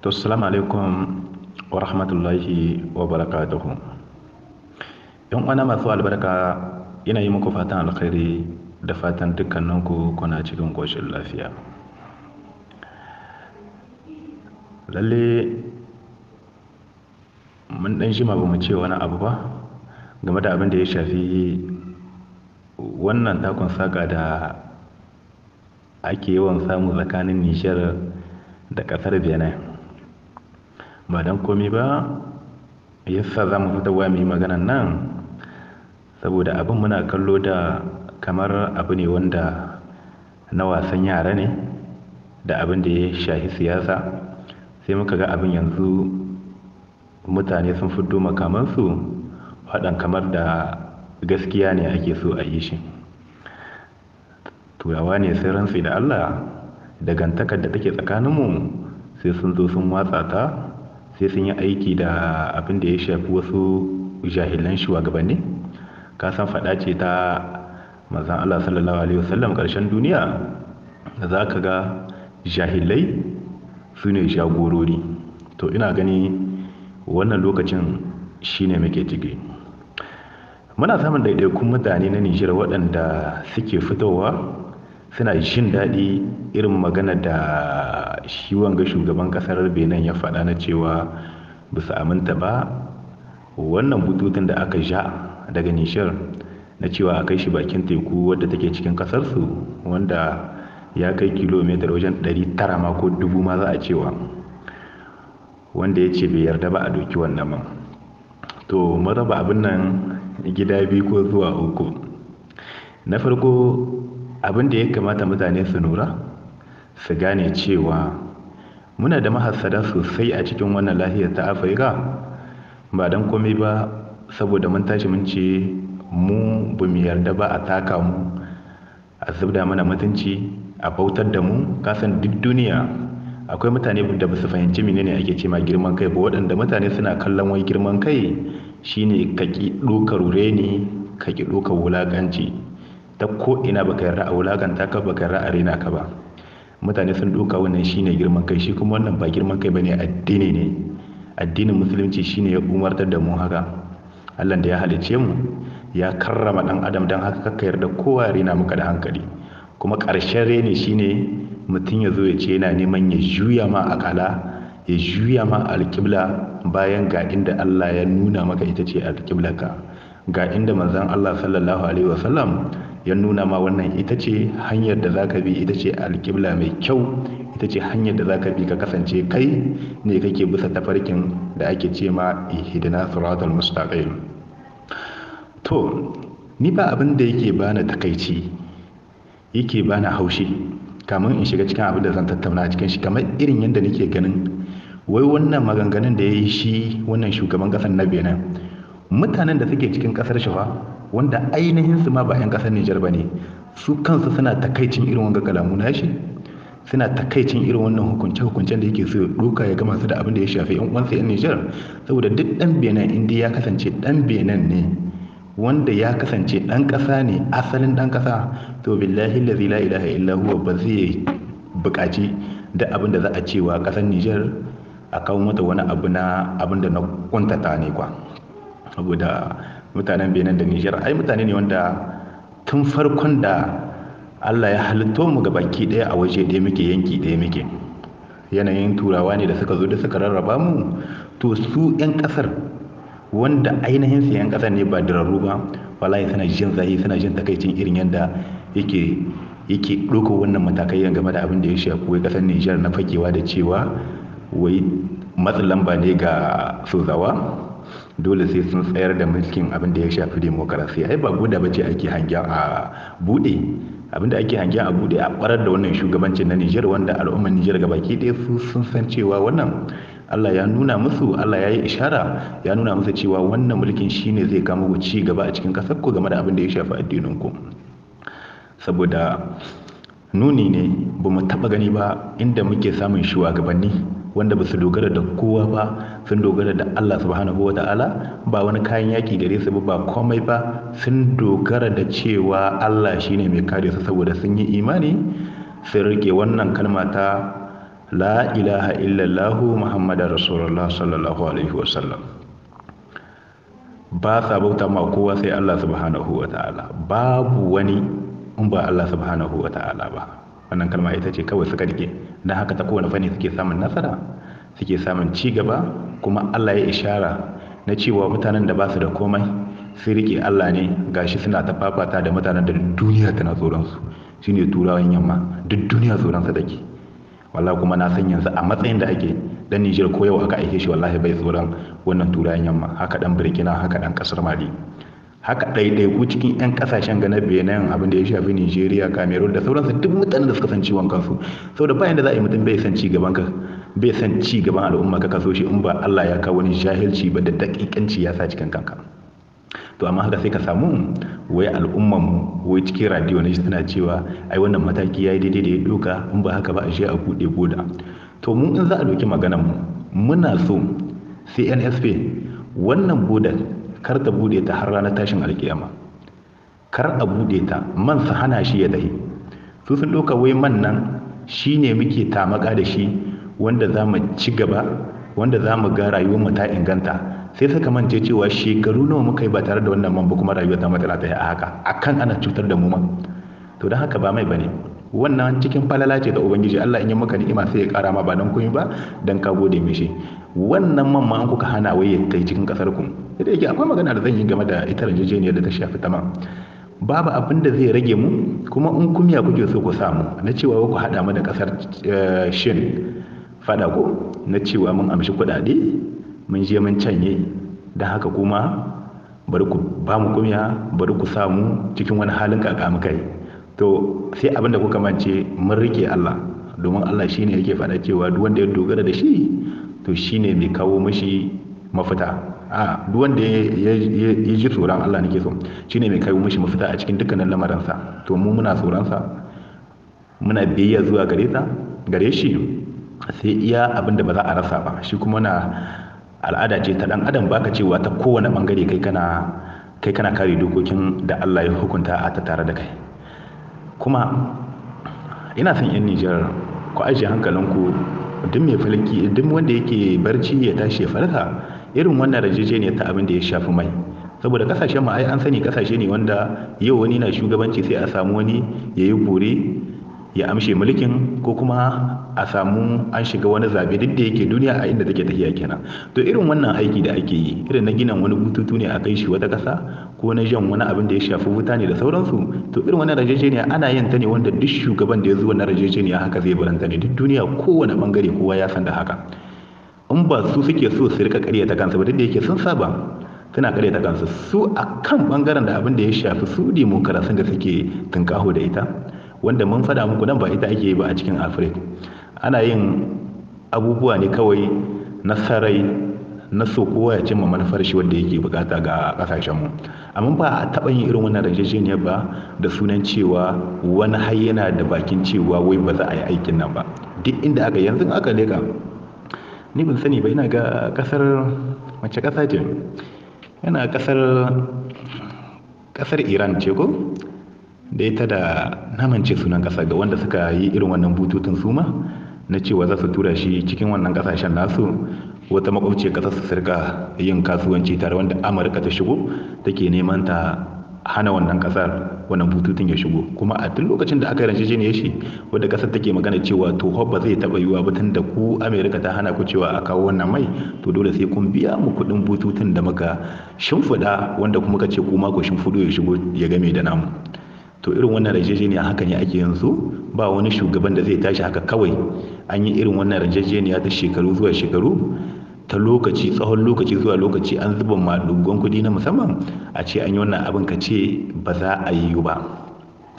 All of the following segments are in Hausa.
to assalamu alaikum wa rahmatullahi wa barakatuhu yan uwana masu albarka yana yi muku fatan alkhairi da fatan dukkaninku kuna cikin ƙoshin lafiya lalle mun ɗan ma ba mu ce wani abu ba game da abin da ya shafi wannan takon saka da ake yawan samu tsakanin nishiyar da ƙasar benin ba don komi ba yasa za mu fita wa mai maganan nan saboda abin muna kallo da kamar abu ne wanda na wasan yara ne da abin da ya shahi siyasa sai muka ga abin yanzu mutane sun fito makamansu waɗan kamar da gaskiya ne ake so a yi shi turawa ne sai ransu da allah dangantakar da take tsakaninmu sai sun zo sun watsa ta sai sun yi aiki da abin da ya shafi wasu jahilan shugabanni ka san fada ce ta mazan Allah sallallahu alaihi wasallam ƙarshen duniya da za ka ga jahilai su ne jagorori to ina gani wannan lokacin shine muke ciki muna samun ɗaiɗaikun mutane na nijar waɗanda suke fitowa suna jin daɗi irin magana da shi wanga shugaban kasar benin ya faɗa na cewa ba su aminta ba wannan bututun da aka ja daga nishir na cewa a kai shi bakin teku wadda take cikin kasarsu wanda ya kai kilomitar wajen 900 ma ko dubu ma za a cewa wanda ya ce bai yarda ba a doki wannan ma to maraba abin nan gida biyu ko zuwa uku na farko abin da ya kamata mutane su nura su gane cewa muna da mahassada sosai a cikin wannan lahiyar ta afirka ba don komai ba saboda mun tashi mun ce mu bu mu yarda ba a taka mu a zubda mana mutunci a bautar da mu kasan duk duniya akwai mutane da ba su fahimci menene ake cema girman kai ba waɗanda mutane suna kallon wai girman kai shine ka ki rure ne ka ki ɗokar wulaƙanci ta ko ina baka yarda a wulaƙanta ka baka yarda a rena ka ba mutane sun doka wannan shine girman kai shi kuma wannan ba girman kai bane addini ne addinin musulunci shine ya umartar da mu haka Allah da ya halice mu ya karrama dan adam dan haka kakka yarda kowa ya rena da hankali kuma ƙarshen reni shine mutum ya zo ya ce yana neman ya juya ma akala ya juya ma alkibla bayan ga inda Allah ya nuna maka ita ce alƙiblarka ga inda manzon Allah sallallahu alaihi wasallam ya nuna ma wannan ita ce hanyar da za ka bi ita ce alƙibla mai kyau ita ce hanyar da za ka bi ka kasance kai ne kake bisa tafarkin da ake ce ma ihidina suratul mustaqim to ni ba abin da yake bani takaici yake bani haushi kamar in shiga cikin abin da zan tattauna cikin shi kamar irin yadda nake ganin wai wannan maganganun da ya yi shi wannan shugaban ƙasar na benin mutanen da suke cikin ƙasar shafa. wanda ainihin su ma ba 'yan ƙasar Nijar ba ne su kansu suna takaicin irin wanga kalamu na shi suna takaicin irin wannan hukunce hukuncen da yake so duka doka ya gama su da abin da ya shafi 'yan uwansa 'yan Nijar saboda duk ɗan Benin inda ya kasance ɗan Benin ne wanda ya kasance ɗan ƙasa ne asalin ɗan ƙasa to billahi lazi la ilaha illa huwa ba zai buƙaci da abin da za a cewa ƙasar Nijar a kawo mata wani abu na abin da na kuntata ne kwa saboda mutanen benin da nijar ai mutane ne wanda tun farkon da allah ya halitto mu ga baki ɗaya a waje ɗaya muke yanki ɗaya muke yanayin turawa ne da suka zo da suka rarraba mu to su 'yan ƙasar wanda ainihin su 'yan ƙasar ne ba dirarru ba wallahi suna jin zahi suna jin takaicin irin yadda yake yake ɗaukar wannan matakai game da abin da ya shafi wai ƙasar nijar na fakewa da cewa wai matsin lamba ne ga sozawa dole sai sun tsayar da mulkin abin da ya shafi demokarasiya ai ba guda ba ce ake hangen a bude abinda ake hangen a bude a barar da wannan shugabancin na Nijar wanda al'ummar Nijar gabaki ɗaya su sun san cewa wannan Allah ya nuna musu Allah ya yi ishara ya nuna musu cewa wannan mulkin shine zai kama ku ci gaba a cikin kasar ku game da abin da ya shafi addinin ku saboda nuni ne bamu mu taɓa gani ba inda muke samun shugabanni wanda ba su dogara da kowa ba sun dogara da Allah subhanahu wa ta'ala ba wani kayan yaki gare su ba komai ba sun dogara da cewa Allah shine mai kare su saboda sun yi imani sun rike wannan kalma ta la ilaha illallahu muhammadar rasulullah sallallahu alaihi wasallam ba sa bauta ma kowa sai Allah subhanahu wa ta'ala babu wani in ba Allah subhanahu wa ta'ala ba wannan kalma ita ce kawai suka rike don haka ta kowane fanni suke samun nasara suke samun ci gaba kuma Allah ya ishara na cewa mutanen da ba su da komai sai rike Allah ne ga shi suna ta fafata da mutanen da duniya tana tsoronsu, shi shine turawan yamma duk duniya tsoronsa da take wallahi kuma na san yanzu a matsayin da ake dan Niger ko yau aka aike shi wallahi bai tsoron wannan turawan yamma haka dan Burkina haka dan kasar Mali haka ɗaiɗaiku cikin 'yan kasashen ga na benin abin da ya shafi nigeria cameroon da sauransu duk mutanen da suka san ciwon kansu saboda bayan da za a yi mutum bai san cigaban ka bai san cigaban al'umma ka kaso shi in ba allah ya kawo wani jahilci ba da daƙiƙanci ya sa cikin kanka to amma haka sai ka samu wai al'umman mu wai cikin radio shi tana cewa ai wannan mataki ya yi daidai da ya doka in ba haka ba a shi a buɗe boda to mu in za a doki maganar mu muna so cnsp wannan bodar kar ta bude ta har ranar tashin alkiyama kar a bude ta man sa hana shi ya dahi su sun ɗauka wai man nan shi ne muke tamaka da shi wanda za mu ci gaba wanda za mu ga mu ta inganta sai suka mance cewa shekaru nawa muka yi ba tare da wannan man ba kuma rayuwar ta mata ta yi a haka akan ana cutar da mu man to don haka ba mai bane wannan cikin falala ce da ubangiji Allah in yi maka ni'ima sai ya kara ma ba dan kun ba dan ka gode mishi wannan man ma an kuka hana wai ya kai cikin kasar ku da yake akwai magana da zan yi game da ita yarjejeniyar da ta shafi tama babu abin da zai rage mu kuma in kumya kuke so ku samu na cewa ku haɗa mu da ƙasar eh, shin fada ko na cewa mun amshi kuɗaɗe mun je mun canye don haka kuma bari ku ba mu kumya bari ku samu cikin wani halin kaka mu kai to sai abin da kuka mance mun rike Allah domin Allah shine yake faɗa cewa duk wanda ya dogara da shi to shine mai kawo mashi mafita a duk wanda ya ji tsoron Allah nake so shine mai kai mishi mafita a cikin dukkanin lamaransa to mu muna tsoronsa muna biyayya zuwa gare ta gare shi sai iya abin da ba za a rasa ba shi kuma na al'ada ce ta dan adam baka cewa ta kowane bangare kai kana kai kana kare dokokin da Allah ya hukunta a ta tare da kai kuma ina son yan Nijar ku ajiye hankalinku duk mai falki duk wanda yake barci ya tashi ya farka irin wannan rajejeniyar ta abin da ya shafi mai saboda kasashen mu ai an sani kasashe ne wanda yau wani na shugabanci sai a samu wani ya yi bore ya amshe mulkin ko kuma a samu an shiga wani zabe duk da yake duniya a inda take tafiya kenan to irin wannan aiki da ake yi irin na ginin wani bututu ne a kai shi wata kasa ko na jan wani abin da ya shafi wuta ne da sauransu to irin wannan rajejeniya ana yin ta ne wanda duk shugaban da ya zuwa na rajejeniya haka zai baranta ne duk duniya kowane bangare kowa ya san da haka in ba su suke so su rika karyata kansu ba duk da yake sun saba suna karyata kansu su a kan bangaren da abin da ya shafi su demokarasin da suke tunkaho da ita wanda mun faɗa muku nan ba ita ake yi ba a cikin afirka ana yin abubuwa ne kawai na sarai na so kowa ya cimma manufar shi wanda yake bukata ga kasashenmu amma ba a taɓa yin irin wannan rajajeniyar ba da sunan cewa wani har da bakin cewa wai ba za a yi aikin nan ba duk inda aka yanzu aka leka Ni ban sani ba ina ga ƙasar mace kasa ce? Yana ƙasar, kasar Iran ce ko? Da ita da namance sunan ƙasa ga wanda suka yi irin wannan bututun suma na cewa za su tura shi cikin wannan kasashen nasu wata makwabci kasar su sirka yin kasuwanci tare wanda Amurka ta shigo take neman ta hana wannan kasar wannan bututun ya shigo kuma a duk lokacin da aka rance jini ya shi wadda kasar take magana cewa to ba zai taba yiwa ba tun da ku amerika ta hana ku cewa a kawo wannan mai to dole sai kun biya mu kuɗin bututun da muka shimfiɗa wanda kuma ka ce kuma ku shimfiɗo ya shigo ya game da namu to irin wannan rajejeniya haka ne ake yanzu ba wani shugaban da zai tashi haka kawai an yi irin wannan rajejeniya ta shekaru zuwa shekaru ta lokaci tsawon lokaci zuwa lokaci an zuba madugon kudi na musamman a ce an yi wannan abin ka ce ba za a yi ba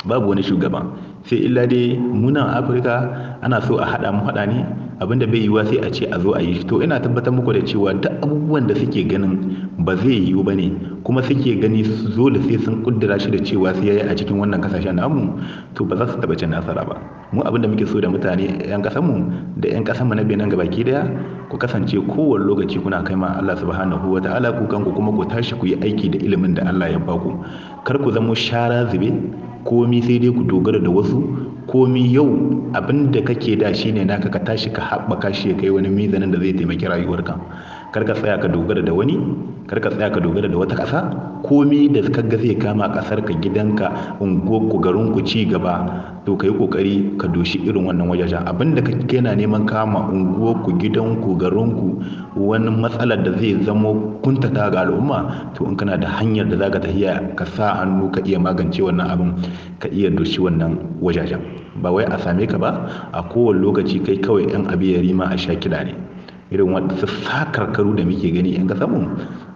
babu wani shugaban sai illa dai munan afirka ana so a haɗa mu haɗa ne abinda bai yiwuwa sai a ce a zo a yi to ina tabbatar muku da cewa duk abubuwan da suke ganin ba zai yiwu ba ne kuma suke gani zo da sai sun kuddura shi da cewa sai yayi a cikin wannan kasashen namu to ba za su taba cin nasara ba mu abinda muke so da mutane yan kasan mu da yan kasan mu na Benin gabaki daya ku kasance kowane lokaci kuna kai ma Allah subhanahu wataala ku kanku kuma ku tashi ku yi aiki da ilimin da Allah ya baku kar ku zama shara zube komi sai dai ku dogara da wasu komi yau abin da kake da shine naka ka tashi ka haɓaka shi ya kai wani mizanin da zai taimaki rayuwarka karka tsaya ka dogara da wani karka tsaya ka dogara da wata ƙasa komai da ga zai kama ƙasar ka gidanka unguwarku garinku ci gaba to ka yi ƙoƙari ka doshi irin wannan wajajen Abinda ka yana neman kama unguwarku gidanku garinku wani matsalar da zai zamo kuntata ga al'umma to in kana da hanyar da zaka tafiya ka sa hannu ka iya magance wannan abin ka iya doshi wannan wajajen ba wai a same ka ba a kowane lokaci kai kawai yan abin ya rima a sha kiɗa ne irin wasu sakar-karu da muke gani yan kasanmu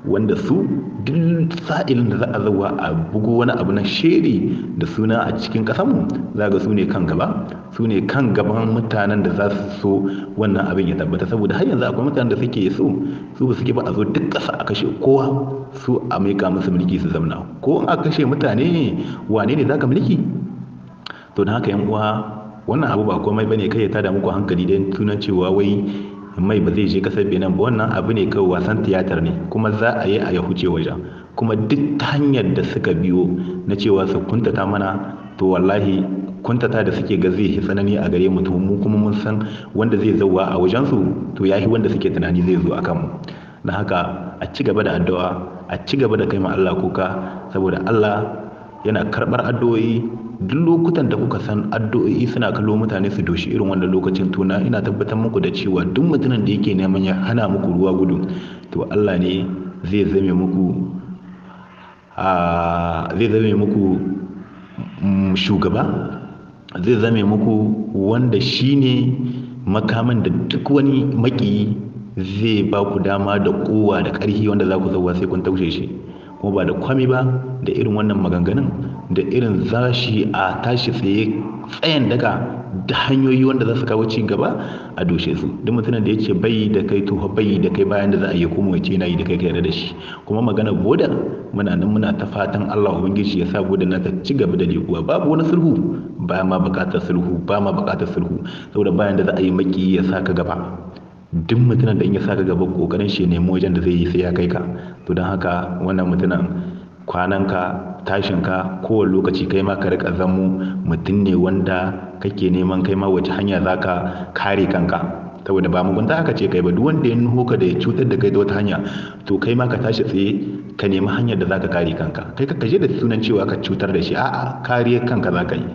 wanda su duk sa'ilin da za a zauwa a bugu wani abu na sheri da suna a cikin kasanmu za ga su ne kan gaba su ne kan gaban mutanen da za su so wannan abin ya tabbata saboda har yanzu akwai mutanen da suke so su su ba a zo duk ƙasa a kashe kowa su a maika musu mulki su zamna ko a kashe mutane wane ne za ka mulki to don haka yan uwa wannan abu ba komai bane kai ya tada muku hankali dan sunan cewa wai mai ba zai je kasar benin ba wannan abu ne kawai wasan tiyatar ne kuma za a yi a ya huce wajen kuma duk ta hanyar da suka biyo na cewa su kuntata mana to wallahi kuntata da suke ga zai tsanani a gare mu to mu kuma mun san wanda zai zauwa a wajensu to yahi wanda suke tunani zai zo a mu na haka a ci gaba da addu'a a ci gaba da kai ma Allah kuka saboda Allah yana karbar addu'o'i duk lokutan da kuka san addu'o'i suna kallo mutane su doshi irin wannan lokacin tuna ina tabbatar muku da cewa duk mutumin da yake neman ya hana muku ruwa gudu to Allah ne zai zame muku zai zame muku mm, shugaba zai zame muku wanda shine makaman da duk wani makiyi zai ba ku dama da kowa da ƙarfi wanda za ku zauwa sai kun taushe shi kuma ba da kwami ba da irin wannan maganganun da irin zashi a tashi tsaye tsayan daga da hanyoyi wanda za su kawo ci gaba a dushe su duk mutumin da yake bai da kai tuha bai da kai bayan da za a yi kuma wace na yi da kai kai da shi kuma magana godan muna nan muna ta fatan Allah ubangiji ya sa godan na ta ci gaba da lekuwa babu wani sulhu ba ma bukatar sulhu ba ma bukatar sulhu saboda bayan da za a yi maki ya sa ka gaba duk mutumin da in ya sa ka gaba kokarin shi nemo wajen da zai yi sai ya kai ka to don haka wannan mutumin kwananka tashin ka kowane lokaci kai ma ka rika zamo mutum ne wanda kake neman kai ma wace hanya za ka kare kanka saboda ba mugunta aka ce kai ba duk wanda ya nuho ka da ya cutar da kai ta wata hanya to kai ma ka tashi tsaye ka nemi hanyar da za ka kare kanka kai ka kaje da sunan cewa ka cutar da shi a'a kariyar kanka za ka yi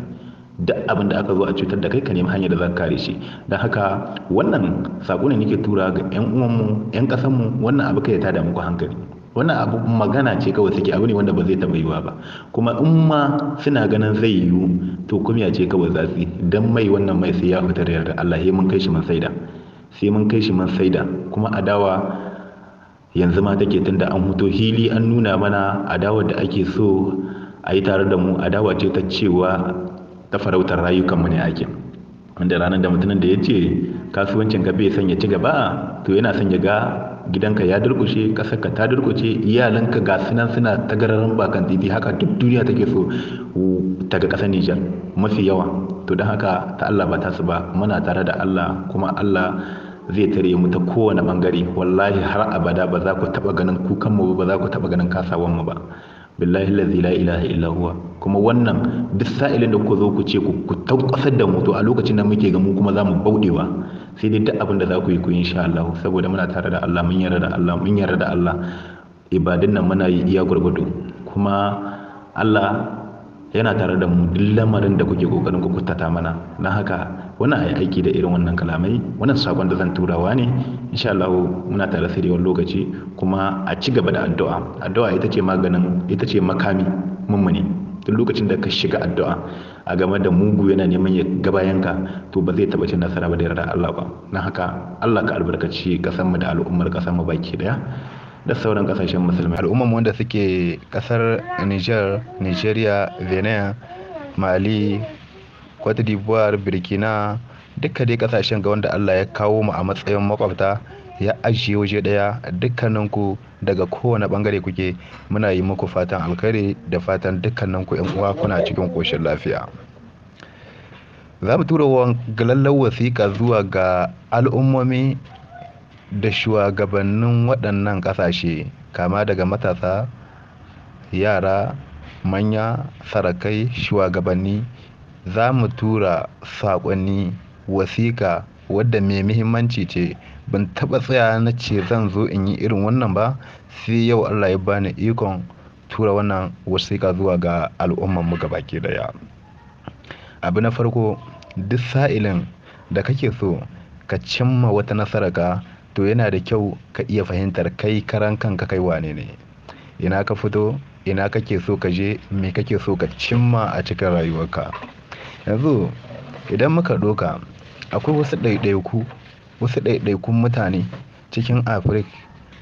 duk abin da aka zo a cutar da kai ka nemi hanyar da za ka kare shi don haka wannan sako ne nake tura ga 'yan uwanmu 'yan ƙasanmu wannan abu kai ya tada muku hankali wannan abu magana ce kawai suke abu ne wanda ba zai taɓa yiwa ba kuma in ma suna ganin zai yiwu to ya ce kawai za su dan mai wannan mai sai ya fitar da yarda Allah sai mun kai shi mun saida sai mun kai shi mun saida kuma adawa yanzu ma take tunda an huto hili an nuna mana adawar da ake so a yi tare da mu adawa ce ta cewa ta farautar rayukanmu ne ake wanda ranar da mutumin da ya ce kasuwancin ka bai son ya ci gaba to yana son ya ga gidanka ya durkushe ƙasarka ta durkushe iyalanka ga sunan suna tagararin bakan titi haka duk duniya take so ta ga ƙasar Nijar mafi yawa to don haka ta Allah ba ta su ba muna tare da Allah kuma Allah zai tare mu ta kowane bangare wallahi har abada ba za ku taba ganin kukan mu ba za ku taba ganin kasawan mu ba billahi la ilaha illa huwa kuma wannan duk sa'ilin da kuka zo ku ce ku taukasar da mu to a lokacin da muke ga mu kuma za mu baudewa sai dai duk abin da za ku yi ku insha Allah saboda muna tare da Allah mun yarda da Allah mun yarda da Allah ibadun nan muna yi iya gurgudu kuma Allah yana tare da mu duk lamarin da kuke kokarin ku kuttata mana don haka wannan ai aiki da irin wannan kalamai wannan sakon da zan turawa ne insha Allah muna tare sai da lokaci kuma a ci gaba da addu'a addu'a ita ce maganin ita ce makami mummuni duk lokacin da ka shiga addu'a a game da mugu yana neman ya gabayanka to ba zai taɓa cin nasara ba da yarda Allah ba na haka Allah ka albarkaci kasar mu da al'ummar kasar mu baki daya da sauran kasashen musulmi. al'ummar wanda suke ƙasar Niger Nigeria Benin Mali Cote d'Ivoire Burkina duka dai kasashen ga wanda Allah ya kawo mu a matsayin makwabta ya ajiye waje ɗaya dukkaninku daga kowane bangare kuke muna yi muku fatan alkhairi da fatan dukkaninku yan uwa kuna cikin koshin lafiya za mu tura galallar wasiƙa zuwa ga al'ummomi da shugabannin waɗannan ƙasashe kama daga matasa yara manya sarakai shugabanni za mu tura saƙonni wasiƙa wadda mai muhimmanci ce ban taɓa tsaya na ce zan zo in yi irin wannan ba sai yau allah ya bani ikon tura wannan wasiƙa zuwa ga al'ummanmu baki daya abu na farko duk sa'ilin da kake so ka cimma wata ka to yana da kyau ka iya fahimtar kai karan kanka kai wane ne ina ka fito ina kake so ka je me kake so ka cimma a cikin rayuwarka yanzu idan muka doka akwai wasu ɗaiɗaiku wasu ɗaiɗaikun mutane cikin Afirka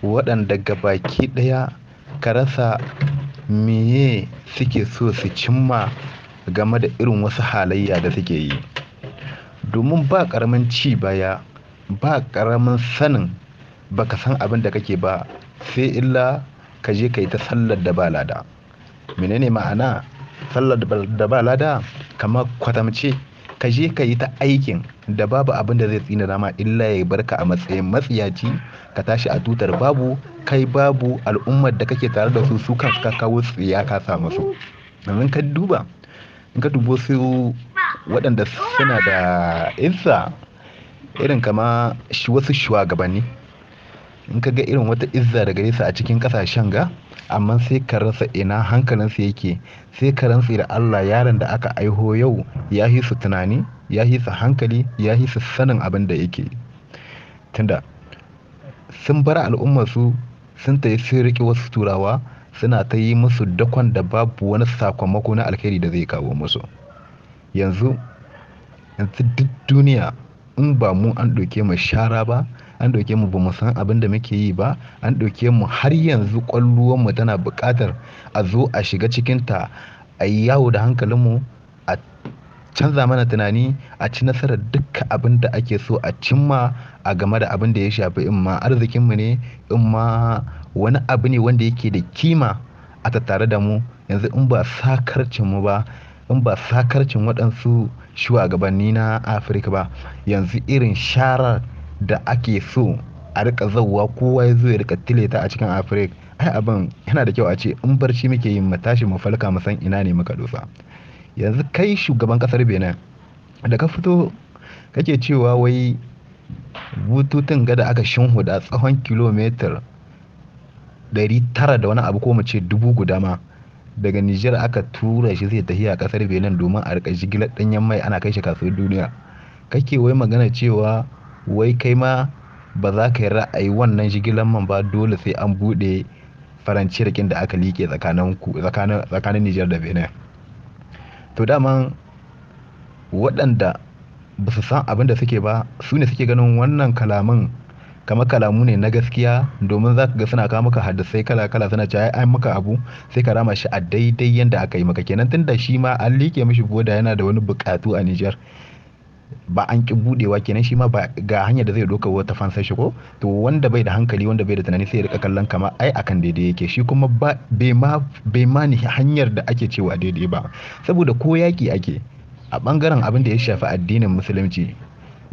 waɗanda ga baki ɗaya ka rasa meye suke so su cimma game da irin wasu halayya da suke yi. Domin ba ƙaramin ci baya, ba ƙaramin sanin baka san abin da kake ba sai illa ka je ka yi ta sallar da ba Menene ma'ana sallar da ba lada? Kamar kwatamce. ka je ka yi ta aikin da babu abin da zai tsina dama illa ya bar ka a matsayin matsiyaci ka tashi a tutar babu kai babu al'ummar da kake tare da su su ka kawo tsiya ka samu su domin ka duba in ka dubo su waɗanda suna da isa irin kama wasu shugabanni in ka ga irin wata izza daga gare a cikin ƙasashen ga amma sai ka rasa ina hankalinsu yake sai ka rantsi da Allah yaron da aka aiho yau ya yi su tunani ya yi su hankali ya yi su sanin abin da yake tunda sun bar al'ummarsu sun ta yi sun riƙe wasu turawa suna ta yi musu dakon da babu wani sakamako na alkhairi da zai kawo musu yanzu yanzu duk duniya in ba mu an ɗauke mu shara ba an ɗauke mu ba mu san abin da muke yi ba an ɗauke mu har yanzu kwalluwan mu tana buƙatar a zo a shiga cikinta a yi yawo da hankalin mu a canza mana tunani a ci nasarar dukkan abin da ake so a cimma a game da abin da ya shafi in ma arzikinmu ne in ma wani abu ne wanda yake da kima a tattare da mu yanzu in ba mu ba in ba sakarcin waɗansu shugabanni na Afirka ba yanzu irin sharar da ake so a rika zauwa kowa ya zo ya rika tileta a cikin Afirka ai abin yana da kyau a ce in barci muke yi matashi mu falka mu san ina ne muka dosa yanzu kai shugaban kasar Benin da ka fito kake cewa wai bututun gada aka shinhuda tsawon kilomitar 900 da wani abu ko mu ce dubu guda ma daga Nijar aka tura shi zai tafiya kasar Benin domin a rika jigilar danyen mai ana kai shi kasuwar duniya kake wai magana cewa wai kai ma ba za ka yi ra'ayi wannan jigilar man ba dole sai an bude faranci rikin da aka liƙe tsakanin Nijar da Benin to dama waɗanda ba su san abin da suke ba su ne suke ganin wannan kalaman kamar kalamu ne na gaskiya domin za ka ga suna kawo maka hadisai kala kala suna cewa ai an maka abu sai ka rama shi a daidai yanda aka yi maka kenan tunda shi ma an liƙe mishi boda yana da wani buƙatu a Nijar ba an ki budewa kenan shi ma ba ga hanyar da zai doka wata fansar shi ko to wanda bai da hankali wanda bai da tunani sai ya rika kallon kama ai akan daidai yake shi kuma ba bai ma bai ma ni hanyar da ake cewa daidai ba saboda ko yaki ake a bangaren abin da ya shafi addinin musulunci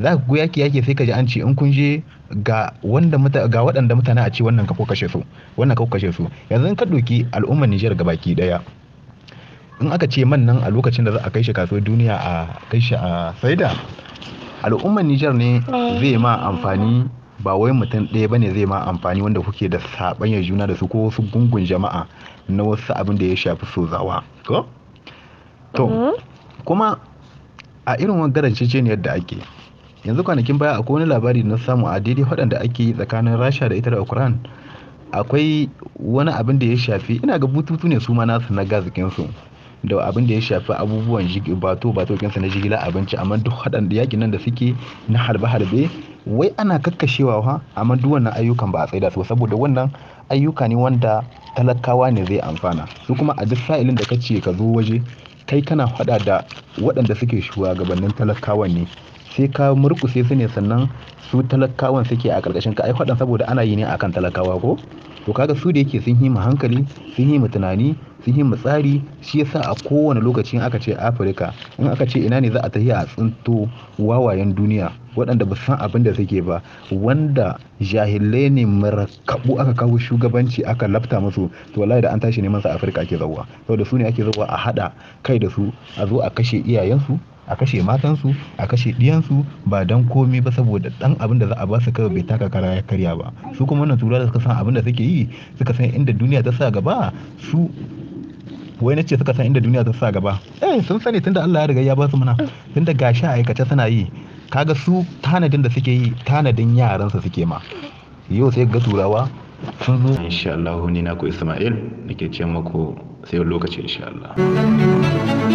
za ku yaki yaki sai ka ji an ce in kun je ga wanda muta ga waɗanda mutane a ce wannan ka kashe su wannan ka kashe su yanzu ka doki al'ummar Niger gabaki daya in aka ce man nan a lokacin da za a kai shi kasuwar duniya a kai shi a saida al'ummar Niger ne zai ma amfani ba wai mutum ɗaya bane zai ma amfani wanda kuke da sabanya juna da su ko wasu gungun jama'a na wasu abin da ya shafi sozawa to mm-hmm. kuma a irin wangaren ne yadda ake yanzu kwanakin baya akwai wani labari na samu a daidai waɗanda ake yi tsakanin rasha da ita da ukraine akwai wani abin da ya shafi ina ga bututu ne su ma nasu na gazikinsu da abin da ya shafi abubuwan bato bato kinsa na jigila abinci amma duk waɗanda yakin nan da suke na harbe harbe wai ana kakkashewa ha amma duk wannan ayyukan ba a tsaida su saboda wannan ayyuka ne wanda talakawa ne zai amfana su kuma a duk sa'ilin da ce ka zo waje kai kana faɗa da waɗanda suke shugabannin talakawa ne sai ka murkushe su ne sannan su talakawan suke a ƙarƙashin ka ai faɗan saboda ana yi ne akan talakawa ko to kaga su da yake sun yi mu hankali sun yi mu tunani sun yi mu tsari shi yasa a kowane lokaci in aka ce afirka in aka ce ina ne za a tafi a tsinto wawayen duniya waɗanda ba san abin da suke ba wanda jahilai ne aka kawo shugabanci aka lafta musu to wallahi da an tashi neman sa afirka ake zauwa saboda su ne ake zauwa a hada kai da su a zo a kashe iyayensu a kashe matansu a kashe diyansu ba don komi ba saboda dan abin da za a ba su kawai bai taka kara ya karya ba su kuma wannan tura da suka san abin da suke yi suka san inda duniya ta sa gaba su wai na ce suka san inda duniya ta sa gaba eh sun sani tunda Allah ya riga ya ba su mana tunda gashi aikace suna yi kaga su tanadin da suke yi tanadin yaransa suke ma yau sai ga turawa sun zo insha Allah ni na ku Isma'il nake ce muku sai lokaci insha Allah